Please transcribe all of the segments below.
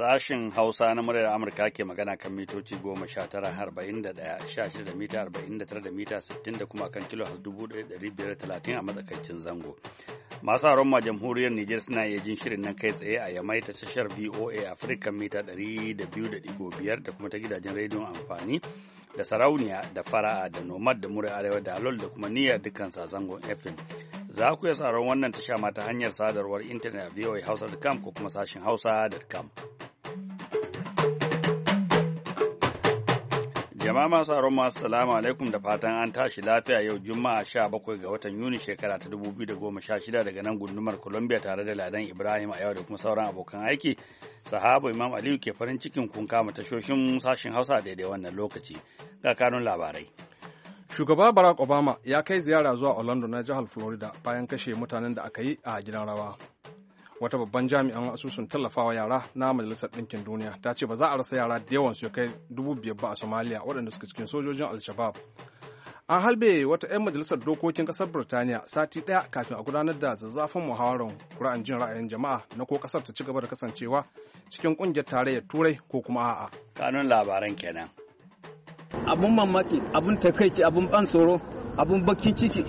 Sashen Hausa na muryar Amurka ke magana kan mitoci goma sha tara arba'in da ɗaya sha shida da mita arba'in da tara da mita sittin da kuma kan kilo dubu ɗari biyar talatin a matsakaicin zango. Masu haron ma jamhuriyar Nijar suna iya jin shirin nan kai tsaye a Yamai ta tashar VOA Afirka mita ɗari da biyu da ɗigo biyar da kuma ta gidajen rediyon amfani da sarauniya da fara'a da nomad da mura arewa da halol da kuma niyyar dukkan zangon fm za ku iya tsaron wannan tasha ma ta hanyar sadarwar intanet A voa hausa.com ko kuma sashin hausa.com jama'a masu aron masu salamu alaikum da fatan an tashi lafiya yau juma'a sha bakwai ga watan yuni shekara ta dubu biyu da goma sha shida daga nan gundumar columbia tare da ladan ibrahim a yau da kuma sauran abokan aiki sahaba imam aliyu ke farin cikin kun kama tashoshin sashen hausa daidai wannan lokaci ga kanun labarai shugaba barack obama ya kai ziyara zuwa orlando na jihar florida bayan kashe mutanen da aka yi a gidan rawa wata babban jami'an asusun tallafawa yara na majalisar ɗinkin duniya ta ce ba za a rasa yara da yawan su ya kai dubu biyar ba a somalia waɗanda suka cikin sojojin al-shabab an halbe wata 'yan majalisar dokokin kasar birtaniya sati ɗaya kafin a gudanar da zazzafin muhawarar kura'an jin ra'ayin jama'a na ko kasar ta ci gaba da kasancewa cikin ƙungiyar tarayyar turai ko kuma a'a kanun labaran kenan abun mamaki abun takaici abun ban tsoro abun bakin ciki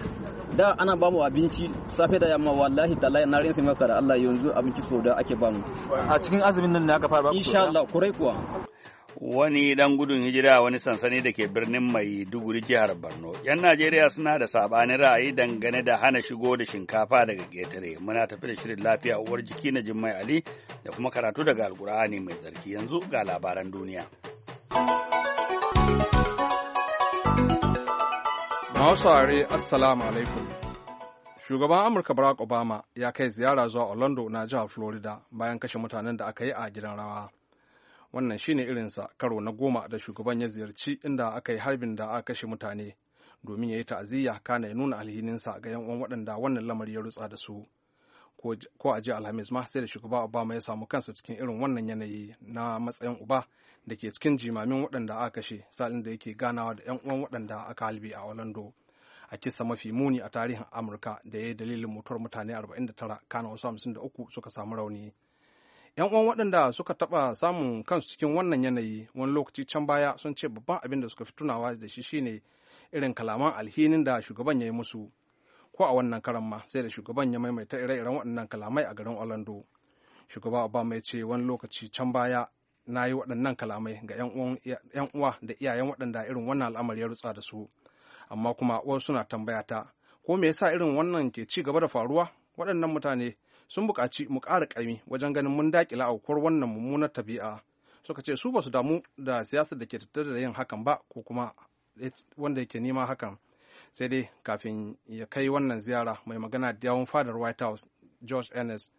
da ana bamu abinci safe da yamma wallahi tallahi na sai maka da Allah yanzu abinci sau da ake bamu a cikin azumin nan ne aka fara ba insha Allah kurai kuwa wani dan gudun hijira wani sansani da ke birnin mai duguri jihar borno yan najeriya suna da sabanin ra'ayi dangane da hana shigo da shinkafa daga ƙetare muna tafi da shirin lafiya uwar jiki na Jummai ali da kuma karatu daga alkur'ani mai zarki yanzu ga labaran duniya Mausare Assalamu alaikum. Shugaban Amurka Barack Obama ya kai ziyara zuwa Orlando na jihar Florida bayan kashe mutanen da aka yi a gidan rawa. wannan shine irinsa karo na goma da shugaban ya ziyarci inda aka yi harbin da aka kashe mutane domin ya yi ta'aziyya kana ya nuna alhininsa ga yan uwan waɗanda wannan lamari ya rutsa da su ko a jiya alhamis ma sai da shugaba obama ya samu kansa cikin irin wannan yanayi na matsayin uba da ke cikin jimamin waɗanda aka kashe salin da yake ganawa da yan uwan waɗanda aka halbe a orlando a kisa mafi muni a tarihin amurka da ya yi dalilin mutuwar mutane 49 kana wasu 53 suka samu rauni 'yan uwan waɗanda suka taɓa samun kansu cikin wannan yanayi wani lokaci can baya sun ce babban abin da suka fi tunawa da shi shine irin kalaman alhinin da shugaban ya yi musu ko a wannan karan ma sai da shugaban ya maimaita ire-iren waɗannan kalamai a garin orlando shugaba obama ya ce wani lokaci can baya na yi waɗannan kalamai ga 'yan uwa da iyayen waɗanda irin wannan al'amari ya rutsa da su amma kuma wasu suna tambaya ta ko me yasa irin wannan ke ci gaba da faruwa waɗannan mutane sun buƙaci mu ƙara ƙarmi wajen ganin mun daƙila aukuwar wannan mummunar tabi'a suka ce su ba su damu da siyasar da ke tattare da yin hakan ba ko kuma wanda yake nema hakan sai dai kafin ya kai wannan ziyara mai magana da yawon fadar white house george ernest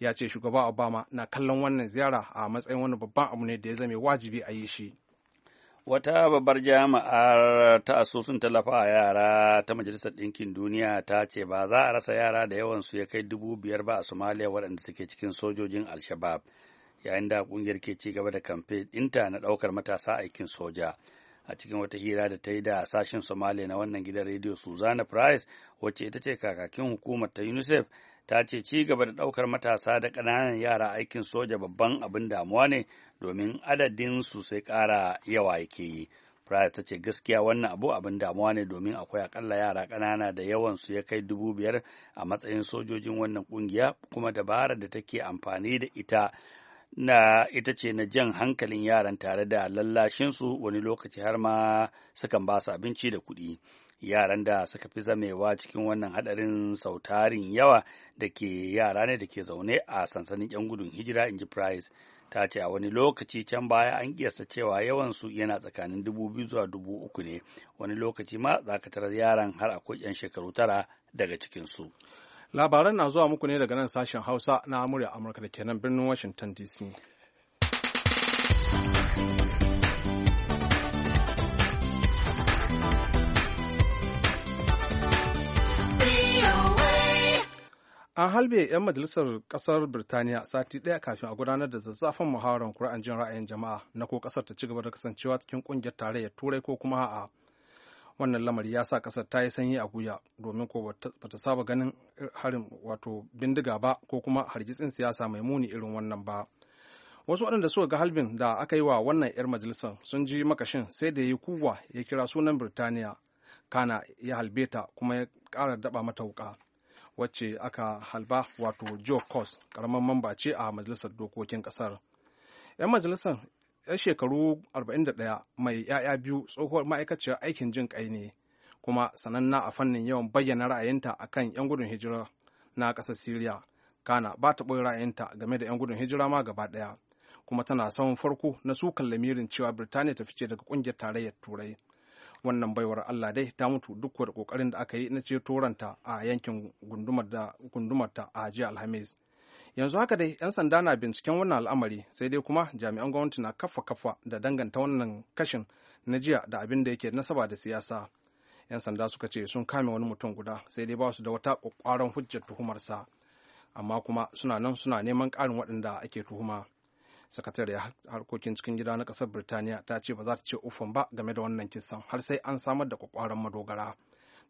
ya ce shugaba obama na kallon wannan ziyara a matsayin wani babban abu ne da ya zame wajibi a yi shi Wata babbar jami'ar ta asusun tallafa a yara ta Majalisar Ɗinkin Duniya ta ce ba za a rasa yara da yawan su ya kai dubu biyar ba a Somalia waɗanda suke cikin sojojin Al-Shabaab, yayin da ƙungiyar ke ci gaba da kamfe ɗinta na ɗaukar matasa aikin soja. a cikin wata hira da ta yi da sashen Somalia na wannan gidan rediyo Susanna Price wacce ita ce kakakin hukumar ta UNICEF ta ce ci gaba da ɗaukar matasa da ƙananan yara aikin soja babban abin damuwa ne domin adadin su sai ƙara yawa yake yi. Price ta ce gaskiya wannan abu abin damuwa ne domin akwai akalla yara ƙanana da yawan su ya kai dubu biyar a matsayin sojojin wannan ƙungiya kuma dabarar da take amfani da ita na ita ce na jan hankalin yaran tare da lallashinsu wani lokaci har ma sukan ba su abinci da kuɗi. yaran da suka fi zamewa cikin wannan hadarin sautarin yawa da ke yara ne da ke zaune a sansanin 'yan gudun hijira in ji price ta ce a wani lokaci can baya an kiyasta cewa yawan su yana tsakanin dubu biyu zuwa dubu uku ne wani lokaci ma tara yaran har akwai 'yan shekaru tara daga cikin su labaran na zuwa muku ne daga nan sashen hausa na amurya amurka da kenan birnin washington dc an halbe 'yan majalisar kasar birtaniya sati ɗaya kafin a gudanar da zazzafan muhawarar kuri'an jin ra'ayin jama'a na ko kasar ta ci gaba da kasancewa cikin kungiyar tarayyar turai ko kuma a'a wannan lamari ya sa kasar ta yi sanyi a guya domin ko ba ta saba ganin harin wato bindiga ba ko kuma hargitsin siyasa mai muni irin wannan ba wasu waɗanda suka ga halbin da aka yi wa wannan 'yar majalisar sun ji makashin sai da ya yi kuwa ya kira sunan birtaniya kana ya halbe ta kuma ya ƙara daɓa mata wuƙa wacce aka halba wato joe cos karamar mamba ce a majalisar dokokin kasar yan majalisar yan shekaru 41 mai yaya biyu tsohuwar ma'aikaciyar aikin jin kai ne kuma sananna a fannin yawan bayyana ra'ayinta akan yan gudun hijira na ƙasar syria kana ba ta ɓoye ra'ayinta game da yan gudun hijira ma gaba ɗaya kuma tana samun farko na sukan lamirin cewa birtaniya ta fice daga ƙungiyar tarayyar turai wannan baiwar allah dai ta mutu duk da kokarin da aka yi na ceto ranta a yankin gundumarta a jiya alhamis yanzu haka dai 'yan sanda na binciken wannan al'amari sai dai kuma jami'an gwamnati na kafa kafa da danganta wannan kashin na jiya da abin da yake nasaba da siyasa 'yan sanda suka ce sun kame wani mutum guda sai dai ba su da wata ƙwaƙwaran hujjar tuhumarsa amma kuma suna nan suna neman ƙarin waɗanda ake tuhuma sakatariya harkokin cikin gida na kasar birtaniya ta ce ba za ta ce ufan ba game da wannan kisan har sai an samar da kwakwaran madogara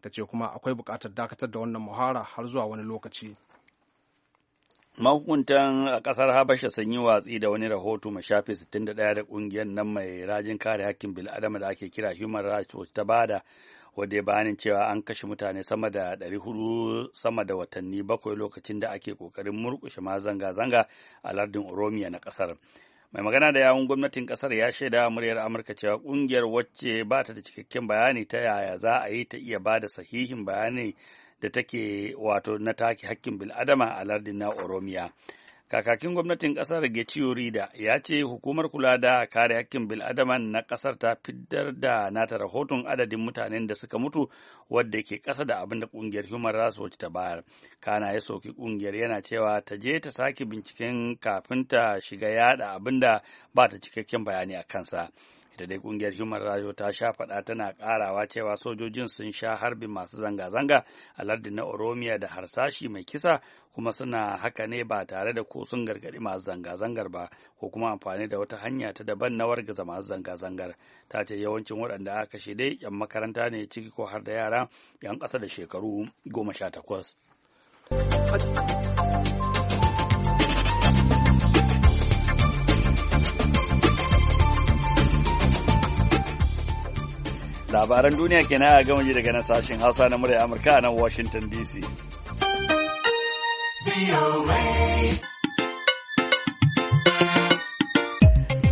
ta ce kuma akwai bukatar dakatar da wannan muhara har zuwa wani lokaci mahukuntan a kasar habasha sun yi watsi da wani rahoto ma shafi 61 da kungiyar nan mai rajin kare hakkin bil'adama da ake kira human rights watch ta bada wadda ya bayanin cewa an kashe mutane sama da 400 sama da watanni bakwai lokacin da ake kokarin murkushe ma zanga-zanga a lardin Oromiya na ƙasar, Mai magana da yawun gwamnatin kasar ya shaida muryar Amurka cewa kungiyar wacce ba ta da cikakken bayani ta yaya za a yi ta iya ba da sahihin bayani da take wato na take hakkin bil'adama a lardin na Oromiya. Kakakin gwamnatin ƙasar Getio Rida ya ce hukumar kula da kare hakkin bil'adama na ƙasar ta fitar da nata rahoton adadin mutanen da suka mutu wadda ke ƙasa da abinda da ƙungiyar Human Rights Watch ta bayar. Kana ya soki ƙungiyar yana cewa ta je ta sake binciken kafin ta shiga yada abinda da ba ta cikakken bayani a kansa. ta dai kungiyar human rights ta sha faɗa tana ƙarawa cewa sojojin sun sha harbin masu zanga-zanga a lardin na oromiya da harsashi mai kisa kuma suna haka ne ba tare da ko sun gargaɗi masu zanga-zangar ba ko kuma amfani da wata hanya ta daban na wargaza masu zanga-zangar ta ce yawancin waɗanda aka kashe dai 'yan makaranta ne ciki ko har da yara 'yan ƙasa da shekaru goma sha takwas. labaran duniya ke na a gama ji daga nan sashen hausa na murya amurka a nan washington dc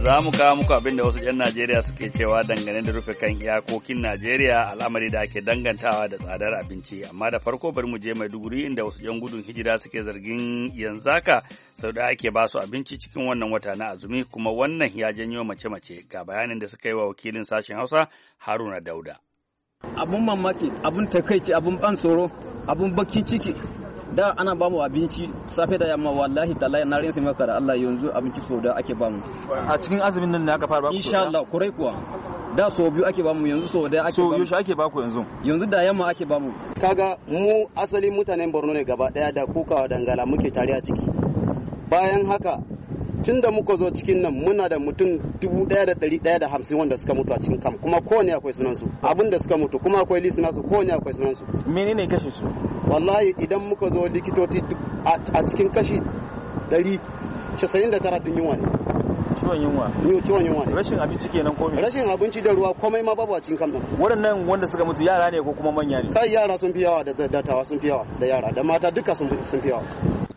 za mu kawo muku abin da wasu 'yan Najeriya suke cewa dangane da rufe kan iyakokin Najeriya al'amari da ake dangantawa da tsadar abinci amma da farko bari mu je mai Maiduguri inda wasu 'yan gudun hijira suke zargin yanzu haka sau da ake basu abinci cikin wannan wata na azumi kuma wannan ya janyo mace-mace ga bayanin da suka yi wa wakilin sashen Hausa Haruna Dauda. Abun mamaki, abun takaici, abun ban tsoro, abun bakin ciki da ana ba mu abinci safe da yamma wallahi tallahi na rinsa maka da Allah yanzu abinci so da ake ba mu a cikin azumin nan ne aka fara ba ku insha Allah kurai kuwa da so biyu ake ba mu yanzu so da ake so yaushe ake ba ku yanzu yanzu da yamma ake ba mu kaga mu asalin mutanen Borno ne gaba daya da kukawa dangala muke tare a ciki bayan haka tun da muka zo cikin nan muna da mutum dubu daya da dari daya da hamsin wanda suka mutu a cikin kam kuma kowane akwai sunansu abin da suka mutu kuma akwai lisinansu kowane akwai sunansu menene kashe su wallahi idan muka zo likitoci a cikin kashi 199 din yunwa ne ciwon yunwa ciwon yunwa rashin abinci kenan komai rashin abinci da ruwa komai ma babu a cikin kamnan waɗannan wanda suka mutu yara ne ko kuma manya ne kai yara sun fi yawa da dattawa sun fi yawa da yara da mata duka sun fi yawa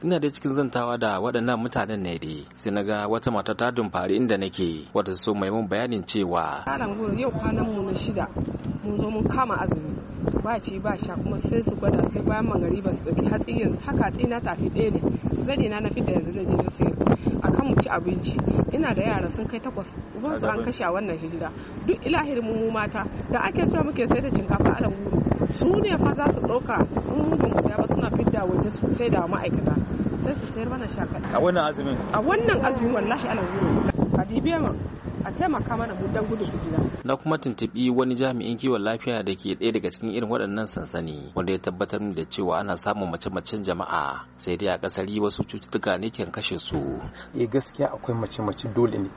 ina dai cikin zantawa da waɗannan mutanen ne dai sai na ga wata mata ta dumfari inda nake wata so mai mun bayanin cewa yau kwanan mu na shida mun zo mun kama azumi ba ci ba sha kuma sai su gwada sai bayan ba su dauki hatsi yanzu haka hatsi na tafi ɗaya ne zani na na fita yanzu na je na sayar kan mu ci abinci ina da yara sun kai takwas uban su an kashe a wannan hijira duk ilahir mu mata da ake cewa muke sai da shinkafa alan guru su ne fa za su ɗauka in mu ba ba suna fidda waje su sai da ma'aikata sai su sayar mana kaɗa a wannan azumin a wannan azumin wallahi alan guru a dibiya a taimaka mana mu dan gudun na kuma tuntubi wani jami'in kiwon lafiya da ke ɗaya daga cikin irin waɗannan sansani wanda ya tabbatar da cewa ana samun mace-macen jama'a sai dai a yi wasu cututtuka ne ke kashe su eh gaskiya akwai mace-mace dole ne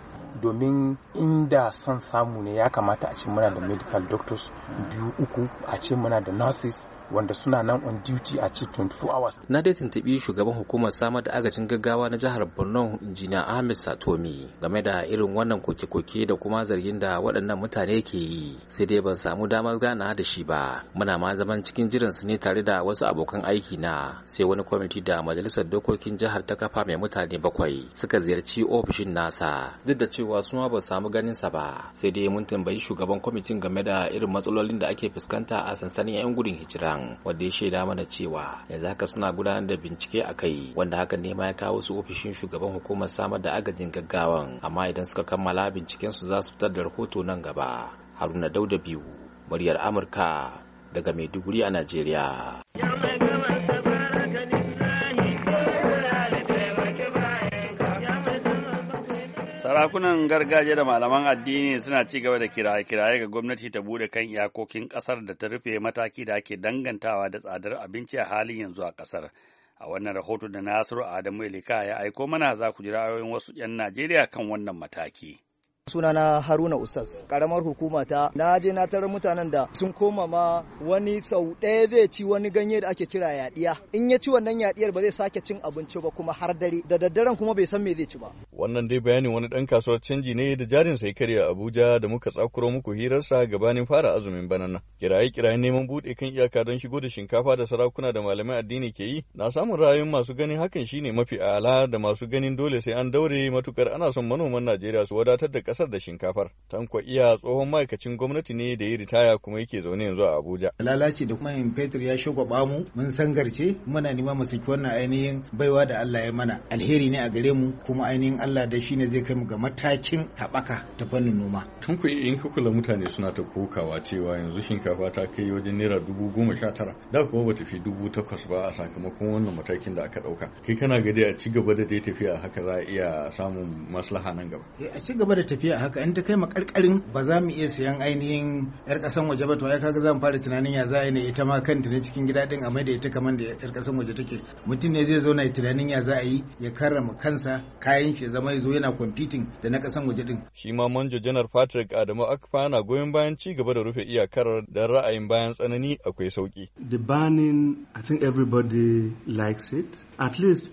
domin inda son samu ne ya kamata a ce muna da medical doctors biyu uku a ce muna da nurses wanda suna nan on duty a ce 24 hours. Na dai tuntubi shugaban hukumar samar da agajin gaggawa na jihar Borno injiniya Ahmed Satomi game da irin wannan koke-koke da kuma zargin da waɗannan mutane ke yi sai dai ban samu damar gana da shi ba. Muna ma zaman cikin jiran su ne tare da wasu abokan aiki na sai wani kwamiti da majalisar dokokin jihar ta kafa mai mutane bakwai suka ziyarci ofishin nasa duk da cewa su ma ba samu ganin sa ba sai dai mun tambayi shugaban kwamitin game da irin matsalolin da ake fuskanta a sansanin 'yan gudun hijira. Sudan wanda ya shaida mana cewa yanzu haka suna gudanar da bincike a kai wanda haka ne ma ya kawo su ofishin shugaban hukumar samar da agajin gaggawan amma idan suka kammala binciken su za su fitar da rahoto nan gaba. Haruna Dauda biyu muryar Amurka daga Maiduguri a Najeriya. Sarakunan gargajiya da malaman addini suna ci gaba da kiraye-kiraye ga gwamnati ta bude kan iyakokin kasar da ta rufe mataki da ake dangantawa da tsadar abinci a halin yanzu a kasar. A wannan rahoton da Nasiru Adamu Elika ya aiko mana za ku ji ra'ayoyin wasu 'yan Najeriya kan wannan mataki. sunana haruna usas karamar hukuma ta na je na tarar mutanen da sun koma ma wani sau ɗaya zai ci wani ganye da ake kira yaɗiya in ya ci wannan yadiyar ba zai sake cin abinci ba kuma har dare da daddaren kuma bai san me zai ci ba wannan dai bayanin wani dan kasuwar canji ne da jarin sai karya abuja da muka tsakuro muku hirarsa gabanin fara azumin banana. kiraye kiraye neman bude kan iyaka don shigo da shinkafa da sarakuna da malamai addini ke yi na samun ra'ayin masu ganin hakan shine mafi ala da masu ganin dole sai an daure matukar ana son manoman najeriya su wadatar da kasar da shinkafar. Tanko iya tsohon ma'aikacin gwamnati ne da ya ritaya kuma yake zaune yanzu a Abuja. Lalace da kuma yin fetur ya shagwaba mu mun sangarce muna nema mu saki wannan ainihin baiwa da Allah ya mana alheri ne a gare mu kuma ainihin Allah da shine zai kai mu ga matakin haɓaka ta fannin noma. Tanko in ka kula mutane suna ta kokawa cewa yanzu shinkafa ta kai wajen naira dubu goma sha tara da kuma bata fi dubu takwas ba a sakamakon wannan matakin da aka ɗauka. Kai kana gadi a ci gaba da dai tafiya haka za a iya samun maslaha nan gaba. Eh, a ci gaba da tafiya tafiya haka in ta kai makarkarin ba za mu iya sayan ainihin yar kasan waje ba to ai kaga zan fara tunanin ya za a ne ita ma kanta na cikin gida din a maida ita kamar da yar kasan waje take mutum ne zai zauna ya tunanin ya za a yi ya karrama kansa kayan shi zama ya zo yana competing da na kasan waje din shi ma manjo janar Patrick Adamu Akfa na goyon bayan ci gaba da rufe iyakar da ra'ayin bayan tsanani akwai sauki the banning i think everybody likes it at least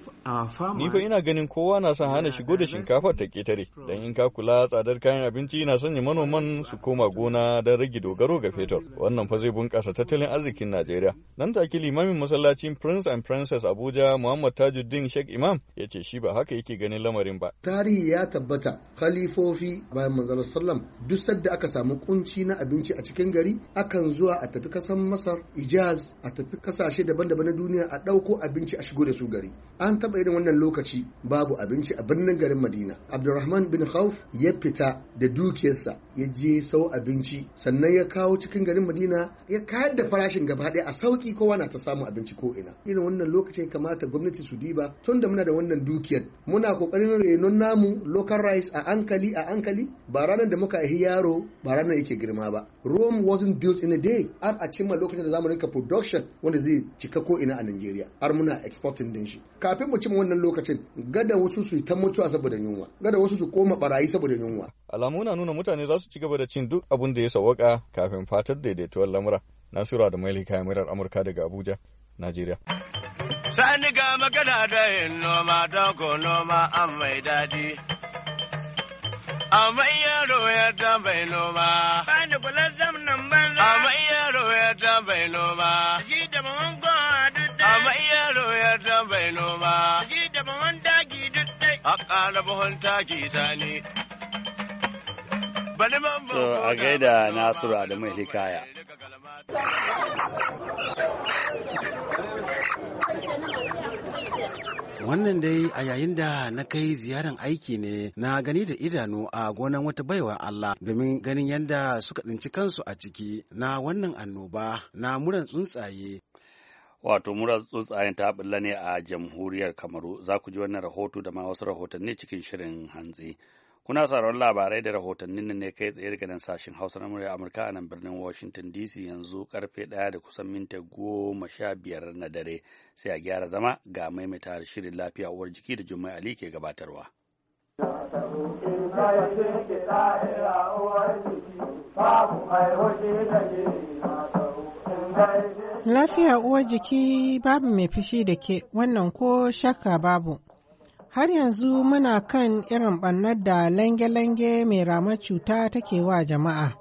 Ni fa ina ganin kowa na son hana shigo da shinkafar ta ketare, don in ka kula tsadar kayan abinci na sanya manoman su koma gona don rage dogaro ga fetur. Wannan fa zai bunƙasa tattalin arzikin Najeriya. Nan take limamin masallacin Prince and Princess Abuja Muhammad Tajuddin Sheikh Imam ya ce shi ba haka yake ganin lamarin ba. Tarihi ya tabbata khalifofi bayan manzon sallam duk sadda aka samu kunci na abinci a cikin gari akan zuwa a tafi kasan Masar, Ijaz, a tafi kasashe daban-daban na duniya a ɗauko abinci a shigo da su gari. An taba irin wannan lokaci babu abinci a birnin garin madina abdurrahman bin khauf ya fita da dukiyarsa ya je sau abinci sannan ya kawo cikin garin madina ya kayar da farashin gaba ɗaya a sauki kowa na ta samu abinci ko ina irin wannan lokaci kamata gwamnati su diba tun da muna da wannan dukiyar muna kokarin renon namu local rice a hankali a hankali ba ranar da muka yi yaro ba ranar yake girma ba rome wasn't built in a day har a cimma lokacin da zamu rinka production wanda zai cika ko ina a Najeriya har muna exporting din shi kafin mu yawancin wannan lokacin gada wasu su ta mutuwa saboda yunwa gada wasu su koma barayi saboda yunwa alamu na nuna mutane za su ci gaba da cin duk abin da ya sawaka kafin fatar daidaituwar lamura nasura da maili kamarar amurka daga abuja najeriya sani ga magana da yin noma don noma an mai ya tambayi noma bani kula banza amma yaro ya tambayi noma ji da mamangon Kamar yaro ya tambayi noma. Ji da buhun taki duk dai. Haƙa da buhun taki sani. To a gaida Nasiru Adamu Hikaya. Wannan dai a yayin da na kai ziyarar aiki ne na gani da idanu a gonan wata baiwa Allah domin ganin yadda suka tsinci kansu a ciki na wannan annoba na muran tsuntsaye wato murar tsuntsayen ta bulla ne a jamhuriyar kamaru za ku ji wannan rahoto da ma wasu rahotanni cikin shirin hantsi kuna sauraron labarai da rahotannin ne kai tsaye daga nan sashen hausa na murya amurka a nan birnin washington dc yanzu karfe ɗaya da kusan minta goma sha biyar na dare sai a gyara zama ga maimaita shirin lafiya uwar jiki da jummai ali ke gabatarwa babu mai Lafiya uwar jiki babu mai fushi da ke wannan ko shakka babu. Har yanzu muna kan irin ɓarnar da lange-lange mai ramar cuta take wa jama'a.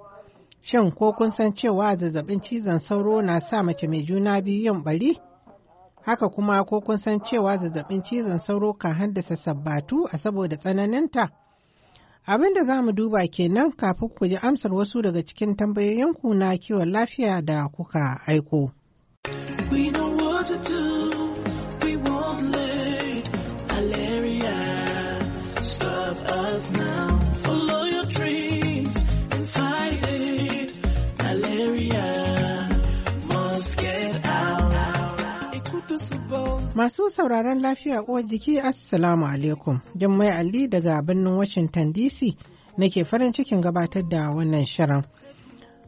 Shin ko kun san cewa zazzabin cizon sauro na sa mace mai juna biyu yin bari? Haka kuma ko kun san cewa zazzabin cizon sauro kan haddasa sabbatu a saboda tsananinta? Abin da za mu duba kenan kafin ku ji amsar wasu daga cikin tambayoyinku na kiwon lafiya da kuka aiko. Masu sauraron lafiya uwar jiki Assalamu alaikum. Jummai Ali daga birnin Washington DC nake farin cikin gabatar da wannan shirin.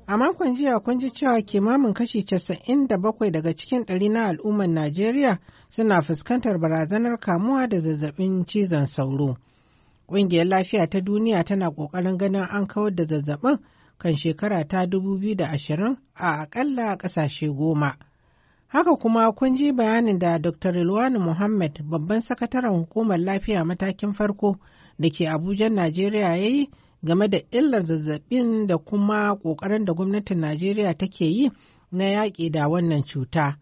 A makon jiya kun ji cewa kimamin kashi 97 daga cikin ɗari na al'ummar Najeriya suna fuskantar barazanar kamuwa da zazzabin cizon sauro. Ƙungiyar lafiya ta duniya tana ƙoƙarin ganin an kawar da zazzabin kan shekara ta 2020 a akalla ƙasashe goma. Haka kuma kun ji bayanin da Dr. Ilwani Muhammad babban sakataren hukumar lafiya matakin farko da ke Abujan Najeriya ya yi game da illar zazzabin da kuma ƙoƙarin da gwamnatin Najeriya take yi na yaƙi da wannan cuta.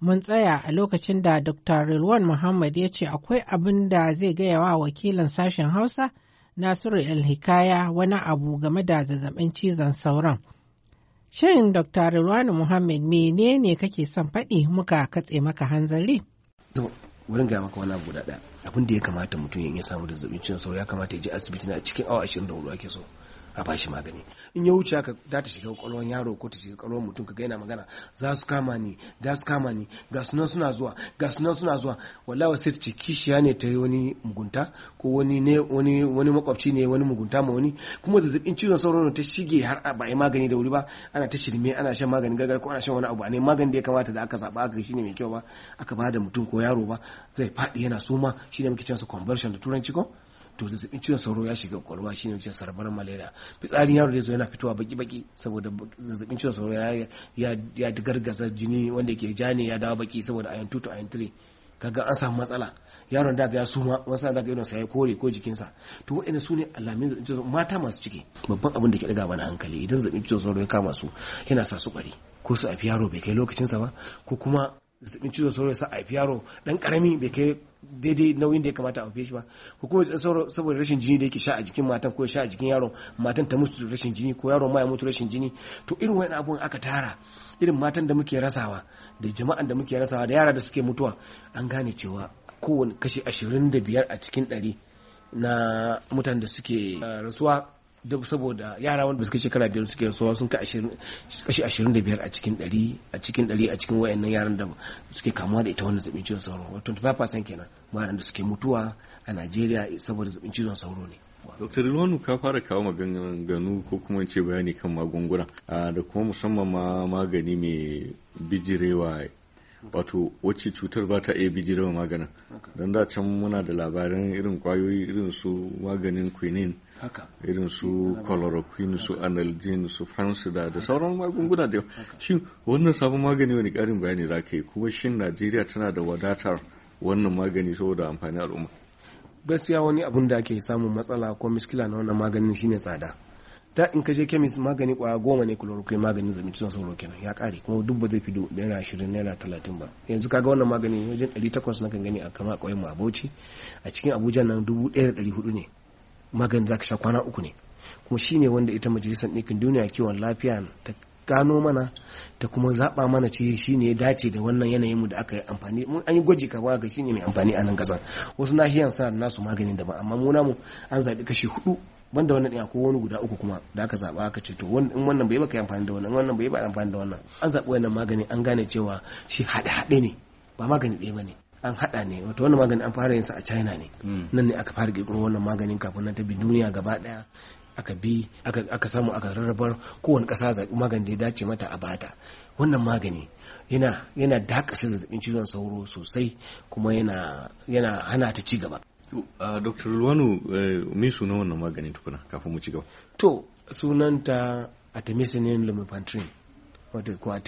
Mun tsaya a lokacin da Dr. Rilwan Muhammad ya ce akwai abin da zai gaya wa wakilin sashen Hausa Nasiru El Hikaya wani abu game da zazzabin cizon sauran. Shin Dr. Rilwani Muhammad ne kake son faɗi muka katse maka hanzari? To, wurin gaya maka wani abu ɗaya. Abin da ya kamata mutum ya samu da zazzabin cin sauro ya kamata ya je asibiti na cikin awa 24 ake so. a bashi magani in ya wuce haka za ta shiga kwakwalwar yaro ko ta shiga kwakwalwar mutum kaga yana magana za su kama ni za su kama ni ga sunan suna zuwa ga sunan suna zuwa wallahi sai ta ce kishiya ne ta yi wani mugunta ko wani ne wani wani makwabci ne wani mugunta ma wani kuma zazzabin cizon sauro ta shige har a yi magani da wuri ba ana ta shirme ana shan magani gargajiya ko ana shan wani abu ne magani da ya kamata da aka zaba aka shine mai kyau ba aka ba da mutum ko yaro ba zai faɗi yana suma ne muke cewa su conversion da turanci ko to zazzabin cizon sauro ya shiga kwakwalwa shine wuce sarbar malaria fitsarin yaro da zo yana fitowa baki-baki saboda zazzabin cizon sauro ya gargaza jini wanda ke ja ne ya dawo baki saboda ayon 2 to ayon 3 kaga an samu matsala yaron daga ya suma wasu daga irin sa ya kore ko jikinsa to waɗanda su ne alamin zaɓin cizon mata masu ciki babban abin da ke daga mana hankali idan zaɓin cizon sauro ya kama su yana sa su kwari ko su afi yaro bai kai lokacinsa ba ko kuma zazzabin cizon sauro ya sa a yaro dan karami bai kai daidai nauyin da ya kamata a haife ba ko kuma sauro saboda rashin jini da yake sha a jikin matan ko ya sha a jikin yaron matan ta mutu rashin jini ko yaron ma ya mutu rashin jini to irin wani abun aka tara irin matan da muke rasawa da jama'an da muke rasawa da yara da suke mutuwa an gane cewa kowane kashi ashirin da biyar a cikin ɗari na mutanen da suke eh, rasuwa duk saboda yara wanda suka shekara biyar suke rasuwa sun kashi ashirin da biyar a cikin ɗari a cikin ɗari a cikin wayannan yaran da suke kamuwa da ita wannan zaɓin cizon sauro wato 25% kenan maran da suke mutuwa a najeriya saboda zaɓin cizon sauro ne Dr. Rilwanu ka fara kawo maganganu ko kuma ce bayani kan magunguna da kuma musamman ma magani mai bijirewa wato wacce cutar ba ta iya bijirewa maganin don da can muna da labaran irin kwayoyi irin su maganin quinine irin su chloroquine su analgin su fansida da sauran magunguna da shin wannan sabon magani wani karin bayani za ka yi kuma shin najeriya tana da wadatar wannan magani saboda amfani al'umma gaskiya wani abun da ake samun matsala ko miskila na wannan maganin shine tsada Da in ka je kemis magani kwaya goma ne chloroquine maganin zabi cizon sauro kenan ya kare kuma duk ba zai fi naira ashirin naira talatin ba yanzu kaga wannan magani wajen ɗari takwas na kan gani a kama a mu a bauchi a cikin abuja nan dubu ɗaya da ɗari hudu ne za ka sha kwana uku ne kuma shi ne wanda ita majalisar ɗinkin duniya kiwon lafiya ta gano mana ta kuma zaɓa mana ce shi ne dace da wannan yanayin mu da aka yi amfani mun an yi gwaji kama ga shi ne mai amfani a nan ƙasar wasu nahiyar suna da nasu maganin daban amma mu namu an zaɓi kashi hudu banda wannan ɗin akwai wani guda uku kuma da aka zaɓa aka ce to in wannan bai baka amfani da wannan wannan bai baka amfani da wannan an zaɓi wannan maganin an gane cewa shi haɗe-haɗe ne ba magani ɗaya ba ne an hada ne wato wannan maganin an fara yinsa a china ne hmm. nan ne aka fara kirkiro wannan maganin kafin nan ta bi duniya gaba daya aka bi aka samu aka rarrabar kowane ƙasa zaɓi magani da ya dace mata a bata wannan magani yana yana dakashe zazzabin cizon sauro sosai kuma yana yana hana ta ci gaba dr luwano eh, me suna wannan magani tukuna kafin mu ci gaba to sunanta artemisinin lumefantrine wato ko a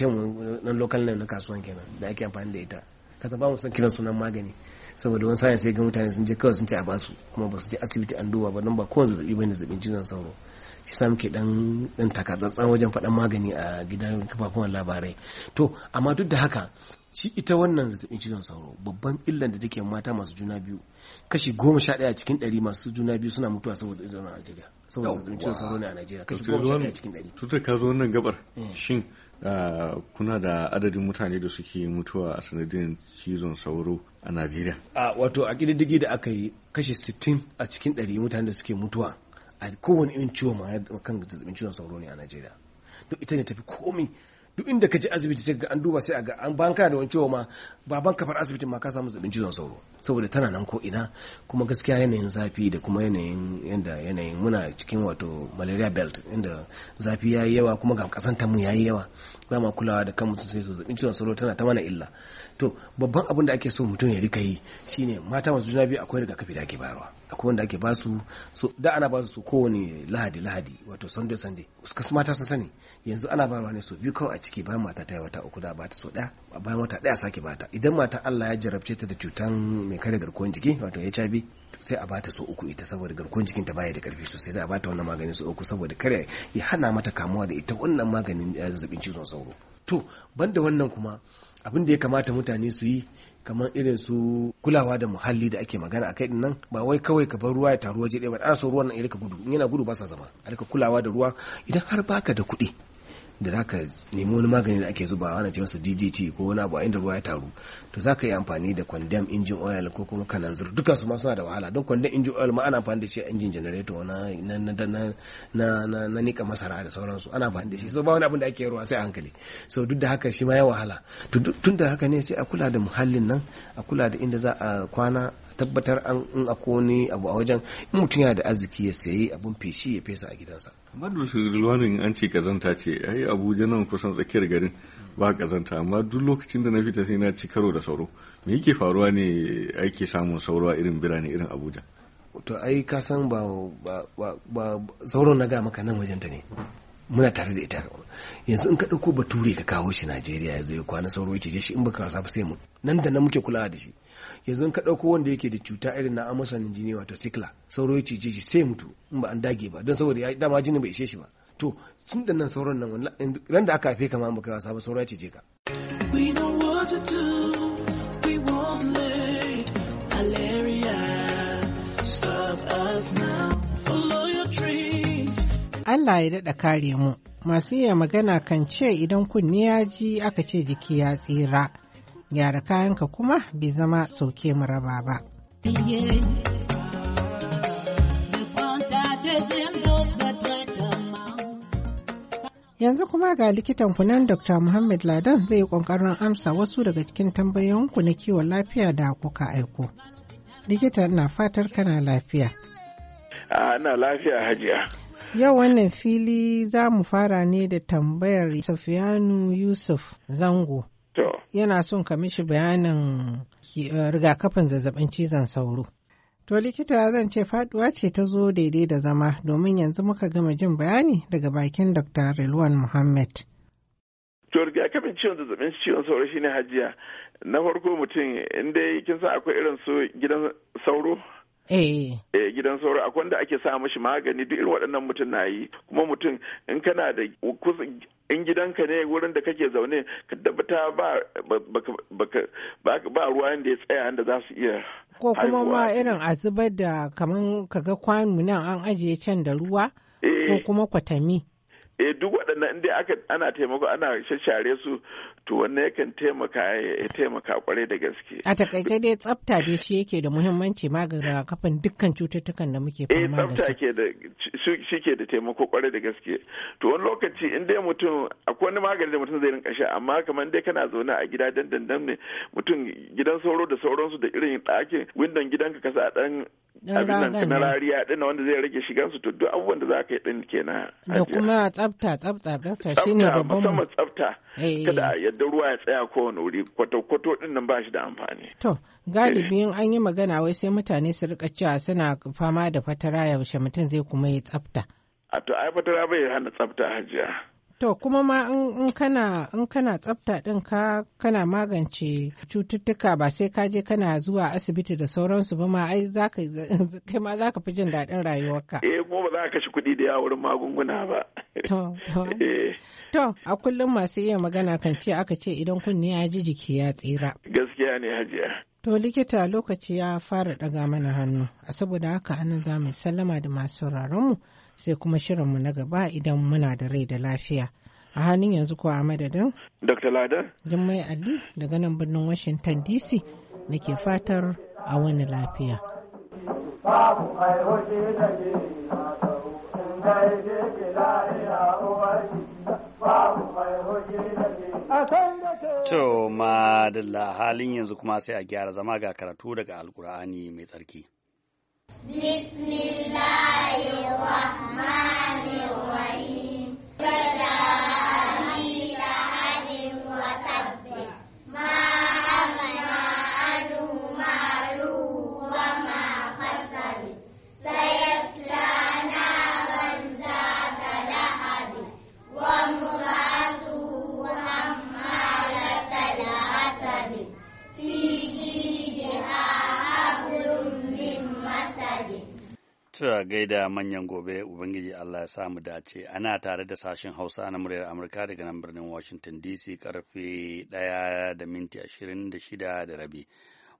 nan local name na kasuwan kenan da ake amfani da ita kasa ba mu son kiran sunan magani saboda wani sa'in sai ga mutane sun je kawai sun ce a basu kuma ba su je asibiti an duba ba don ba kowane zazzabi bane zazzabin cizon sauro shi sa muke dan dan takatsantsan wajen faɗan magani a gidan kafafuwan labarai to amma duk da haka shi ita wannan zazzabin cizon sauro babban illan da take mata masu juna biyu kashi goma sha ɗaya cikin ɗari masu juna biyu suna mutuwa saboda izon a Najeriya saboda zazzabin cizon sauro ne a Najeriya kashi goma sha ɗaya cikin ɗari. Tuta ka zo wannan gabar eh. shin Ah, kuna da adadin mutane da suke mutuwa a sanadin cizon sauro a najeriya a ah, wato a ƙididdigi da aka yi kashe 60 a cikin 100 mutane da suke mutuwa a kowane irin ciwo ma kan zazzabin cizon sauro ne a najeriya duk ita ne tafi komi duk inda ka je asibiti sai ga an duba sai a ga an banka da wancewa ma ba banka asibitin ma ka samu zaɓin cizon sauro saboda tana nan ko ina kuma gaskiya yanayin zafi da kuma yanayin yanda yanayin muna cikin wato malaria belt inda zafi ya yi yawa kuma ga kasan tamu ya yi yawa ba ma kulawa da kan sai su zaɓin cizon sauro tana ta mana illa to babban abin da ake so mutum ya rika yi shine mata masu juna biyu akwai rigakafi da ake bayarwa akwai wanda ake basu da ana basu su kowane lahadi lahadi wato sunday sunday mata sun sani yanzu ana ba ne so biyu kawai a ciki bayan mata ta yi wata uku da ba ta so daya bayan wata daya sake bata idan mata Allah ya jarabce ta da cutan mai kare garkuwar jiki wato HIV sai a bata so uku ita saboda garkuwar jikin ta baya da karfi sosai sai a bata wannan maganin so uku saboda kare ya hana mata kamuwa da ita wannan maganin eh, zazzabin cizon sauro to banda wannan kuma abin da ya kamata mutane su yi kamar irin su kulawa da muhalli da ake magana a kai din nan ba wai kawai ka bar ruwa ya taru waje ɗaya ba ana so ruwan nan ya rika gudu in yana gudu ba sa zama a rika kulawa da ruwa idan har baka da kuɗi da za ka nemi wani magani da ake zubawa wani ce masa ddt ko wani abu a inda ruwa ya taru to za ka yi amfani da condemn injin oil ko kuma kananzir duka su masu da wahala don condemn injin oil ma ana amfani da shi a injin generator na na na na na na nika masara da sauransu ana amfani da shi so ba wani abin da ake ruwa sai a hankali so duk da haka shi ma ya wahala tun da haka ne sai a kula da muhallin nan a kula da inda za a kwana tabbatar an in akwai wani abu a wajen in mutum yana da arziki ya sayi abun feshi ya fesa a gidansa madu dushin an ce kazanta ce ai abuja nan kusan tsakiyar garin ba kazanta amma duk lokacin da na fita sai na ci karo da sauro me yake faruwa ne ake samun sauro a irin birane irin abuja to ai ka san ba sauro na ga maka nan wajenta ne muna tare da ita yanzu in ka ɗauko bature ka kawo shi najeriya ya zo ya kwana sauro ya shi in baka wasa ba sai mu nan da nan muke kulawa da shi yanzu in ka ɗauko wanda yake da cuta irin na amosan jini wato sikla sauro ya cije shi sai mutu in ba an dage ba don saboda ya dama jini bai ishe shi ba to sun da nan sauron nan ran da aka haife kama in baka wasa ba sauro ya cije ka. We know what to do. Allah ya daɗa kare mu. Masu iya magana kan ce idan kunni ya ji aka ce jiki ya tsira. Gyara kayanka kuma bai zama sauke mu raba ba. Yanzu kuma ga likitan kunan Dr. Muhammad Ladan zai yi ƙoƙarin amsa wasu daga cikin tambayoyinku na kiwon lafiya da kuka aiko. Likita na fatar kana lafiya. Ana ah, lafiya hajiya. Yau wannan fili za mu fara ne da tambayar Safiyanu Yusuf Zango. Yana son ka mishi bayanin eh, rigakafin zazzabin cizon sauro. To likita zan ce faduwa ce ta zo daidai da zama domin yanzu muka gama jin bayani daga bakin Dr. Rilwan Muhammad. To rigakafin ciwon zazzabin ciwon sauro shine hajiya. Na farko mutum inda kin san akwai irin su gidan sauro Eh. eh gidan sauro akwai wanda ake sa mashi magani duk irin waɗannan mutum na yi kuma mutum in kana da in gidanka ne wurin da kake zaune ka tabbata ba ba ruwa yadda ya tsaya da za su iya ko kuma ma irin a zubar da kaman kaga kwanu nan an ajiye can da ruwa eh. ko kuma kwatami eh duk waɗannan inda aka ana taimako ana shashare su to wannan yakan taimaka ya taimaka kwarai da gaske a takaice dai tsafta dai shi yake da muhimmanci maganin kafin dukkan cututtukan da muke fama eh, da su tsafta ke da shi ke da taimako kwarai da gaske to wani lokaci in dai mutum akwai wani magani da mutum zai rinka sha amma kamar dai kana zaune a gida dandan ne mutum gidan sauro da sauransu da irin ɗakin windon gidanka kasa a ɗan abin nan na rariya din wanda zai rage shigan su to duk abubuwan da zaka yi din kenan da kuma tsafta tsafta tsafta shine babban musamman tsafta eh. kada yadda ruwa ya tsaya kowane wuri kwato kwato din nan ba da amfani to eh. in an yi magana wai sai mutane su rika cewa suna fama da fatara yaushe mutum zai kuma yi tsafta a to ai fatara bai hana tsafta hajiya To kuma ma in kana in kana tsafta din ka kana magance cututtuka ba sai ka je kana zuwa asibiti da sauransu ba ma ai zaka kai ma zaka fi jin daɗin rayuwarka. Eh mu ba za ka shi kuɗi da yawurin magunguna ba. To eh. to a kullum masu iya magana kan ce aka ce idan kunne ya ji jiki ya tsira. Gaskiya ne hajiya. To likita lokaci ya fara ɗaga mana hannu, a saboda haka anan za mu sallama da masu mu sai kuma shirinmu na gaba idan muna da rai da lafiya. A hannun yanzu ko a madadin? Dr. Lada? Jummai Ali daga nan birnin Washington DC nake fatar a wani lafiya. To, madalla halin yanzu kuma sai a gyara zama ga karatu daga Alkur'ani mai tsarki. Bismillahirrahmanirrahim. Kada a wata Tura gaida manyan gobe Ubangiji Allah ya samu dace ana tare da sashen Hausa na muryar Amurka daga nan birnin Washington DC karfe ɗaya da minti ashirin da shida da rabi.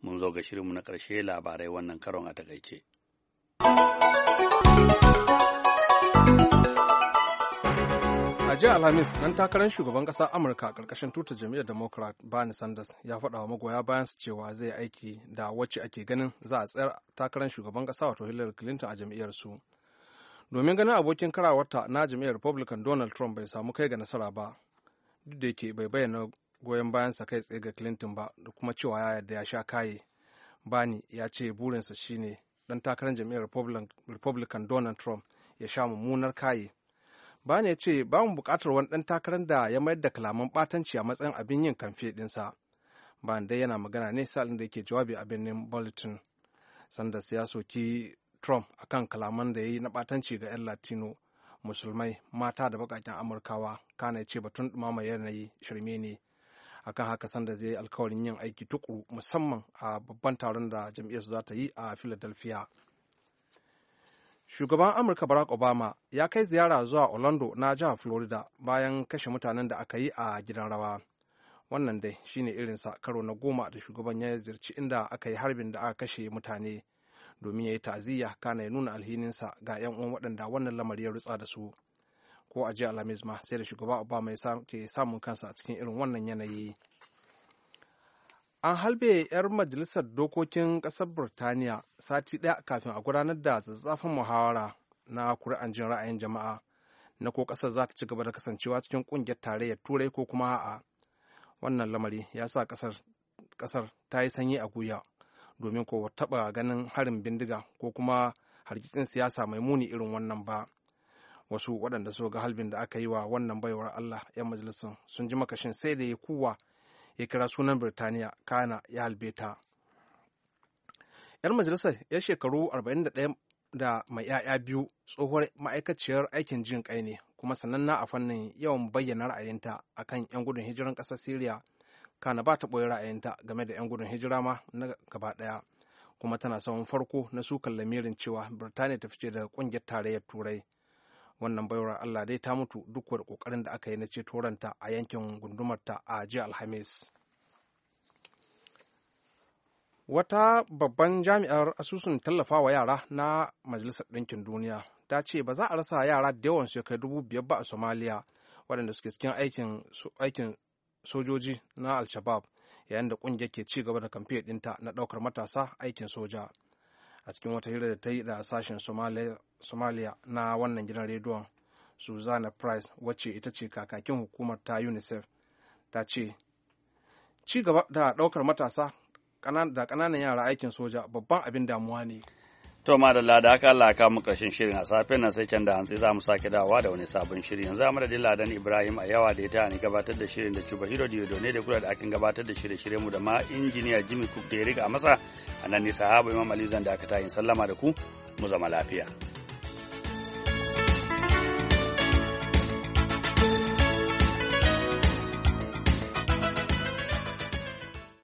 Mun zo ga shirinmu na ƙarshe labarai wannan karon a takaice. jiya alhamis dan takarar shugaban ƙasar amurka a ƙarƙashin tuta jam'iyyar democrat bernie sanders ya faɗa wa magoya bayan su cewa zai aiki da wacce ake ganin za a tsayar takarar shugaban ƙasa wato hillary clinton a jam'iyyar su domin ganin abokin karawarta na jam'iyyar republican donald trump bai samu kai ga nasara ba duk da yake bai bayyana goyon bayansa kai tsaye ga clinton ba da kuma cewa ya yarda ya sha kaye bani ya ce burinsa shine dan takarar jam'iyyar republican donald trump ya sha mummunar kaye Bani ya ce ba mu bukatar wani ɗan takarar da ya mayar da kalaman ɓatanci a matsayin abin yin kamfe ɗinsa. ba dai yana magana ne sa'ilin da yake jawabi a birnin Bolton. Sanders ya soki Trump akan kalaman da ya yi na batanci ga 'yan Latino, Musulmai, mata da baƙaƙen Amurkawa, kana ya ce batun ɗumamar yanayi shirme ne. akan haka sanda zai yi alkawarin yin aiki tukuru musamman a babban taron da jam'iyyarsu za ta yi a philadelphia shugaban amurka barack obama ya kai ziyara zuwa orlando na jihar florida bayan kashe mutanen da aka yi a gidan rawa wannan dai shine irinsa karo na goma da shugaban ya ziyarci inda aka yi harbin da aka kashe mutane domin ya yi ta'aziyya kana ya nuna alhininsa ga 'yan uwan waɗanda wannan lamari ya rutsa da su ko a jiya alhamis ma sai da shugaban obama ya ke samun kansa a cikin irin wannan yanayi an halbe 'yar majalisar dokokin ƙasar burtaniya sati ɗaya kafin a gudanar da zazzafin muhawara na kuri'an jin ra'ayin jama'a na ko ƙasar za ta ci gaba da kasancewa cikin ƙungiyar tarayyar turai ko kuma a'a wannan lamari ya sa ƙasar ta yi sanyi a guya domin ko taɓa ganin harin bindiga ko kuma hargitsin siyasa mai muni irin wannan ba wasu waɗanda so ga halbin da aka yi wa wannan baiwar allah 'yan majalisar sun ji makashin sai da ya kuwa ya kira sunan birtaniya kana ya halbe ta yar majalisar ya shekaru 41 da mai 'ya'ya biyu tsohuwar ma'aikaciyar aikin jin kai ne kuma sananna a fannin yawan bayyana ra'ayinta akan 'yan gudun hijiran ƙasar syria kana ba ta ɓoye ra'ayinta game da 'yan gudun hijira ma na gaba ɗaya kuma tana samun farko na sukan lamirin cewa birtaniya ta fice daga ƙungiyar tarayyar turai wannan baiwar allah dai ta mutu duk da kokarin da aka yi na ceto ranta a yankin gundumarta a jiya alhamis wata babban jami'ar asusun tallafawa yara na majalisar ɗinkin duniya ta ce ba za a rasa yara da yawan su kai dubu biyar ba a somaliya waɗanda suke cikin aikin sojoji na al shabaab yayin da ƙungiyar ke ci gaba da kamfe ɗinta na ɗaukar matasa aikin soja. a cikin wata hira da ta yi da sashen somalia na wannan gidan rediyon suzana price wacce ita ce kakakin hukumar ta unicef ta ce ci gaba da ɗaukar matasa da ƙananan yara aikin soja babban abin damuwa ne To ma da aka Allah ka karshen shirin a safe nan sai can da hantsi za mu sake dawowa da wani sabon shiri yanzu amma da Ladan Ibrahim a yawa da ya tani gabatar da shirin da Cuba Hiro Diodo ne da kula da akin gabatar da shirye shirye mu da ma injiniya Jimmy Cook da ya rika masa a nan ne sahaba Imam Ali zan da aka tayin sallama da ku mu zama lafiya.